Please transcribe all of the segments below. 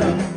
Thank you.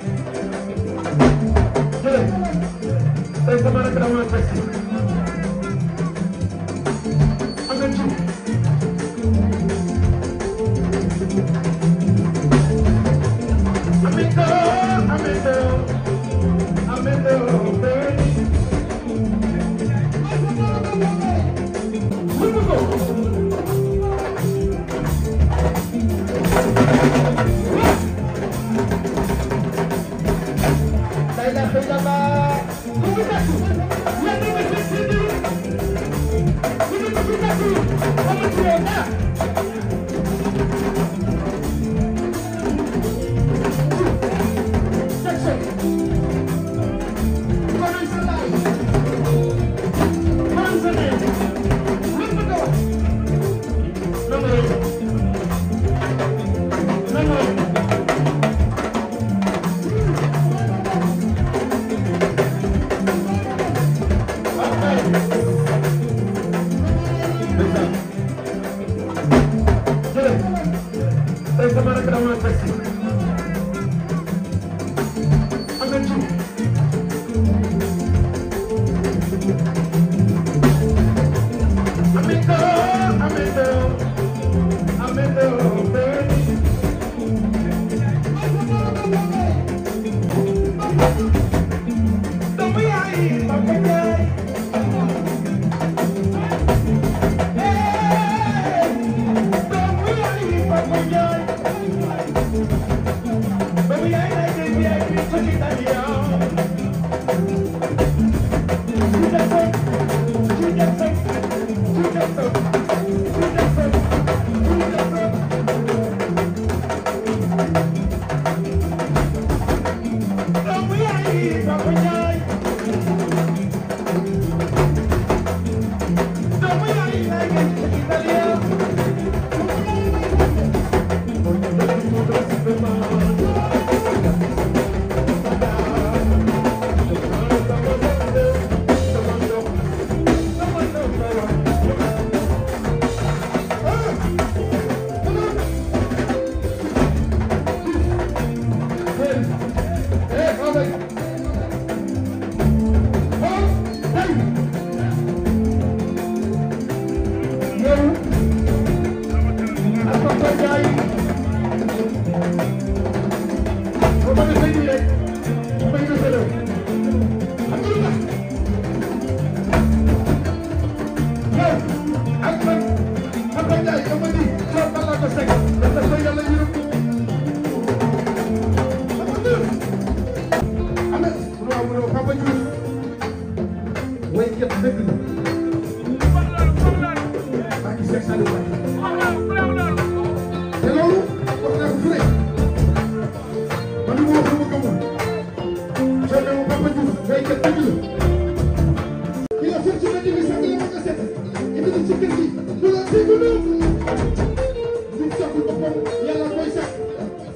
Thank you.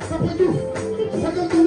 Saca tú, saca tú.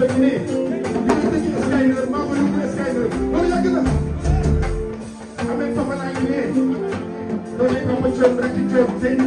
ba ñu ne bi ñu tëjee Skyler maa ko yóbbu Skyler loolu yàgg na amee papa laa ñu ne loolu yëpp a ma coow rek ci coow tey ñu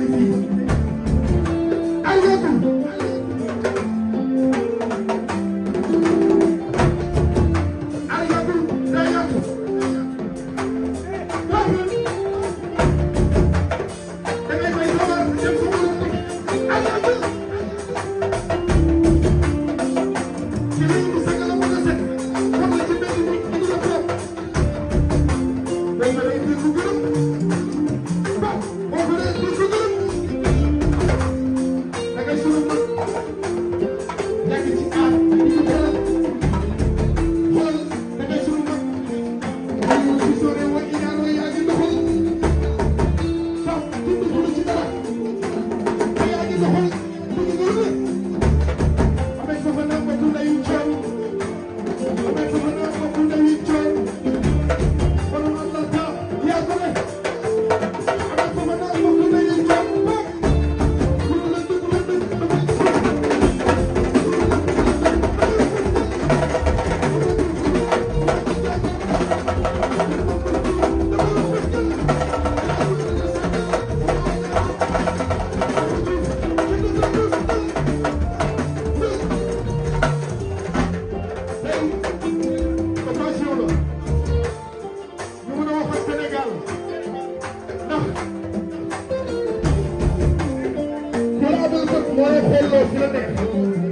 delloo fi la nekk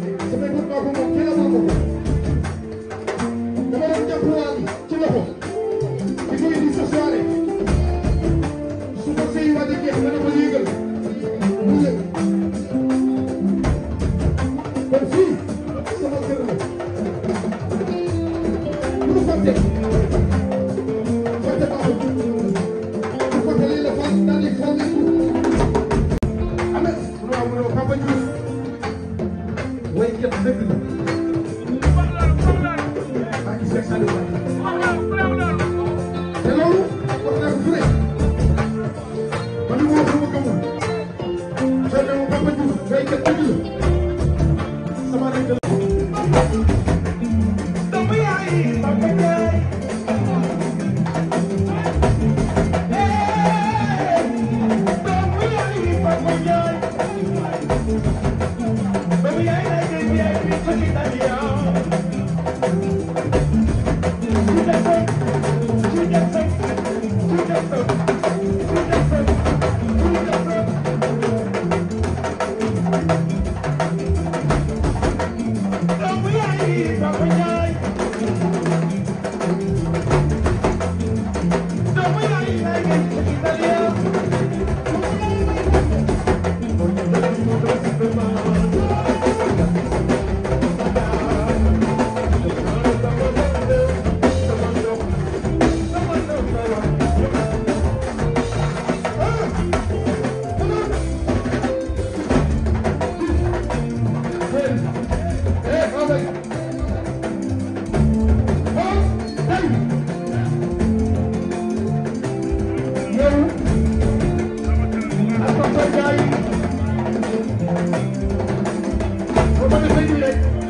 Thank you.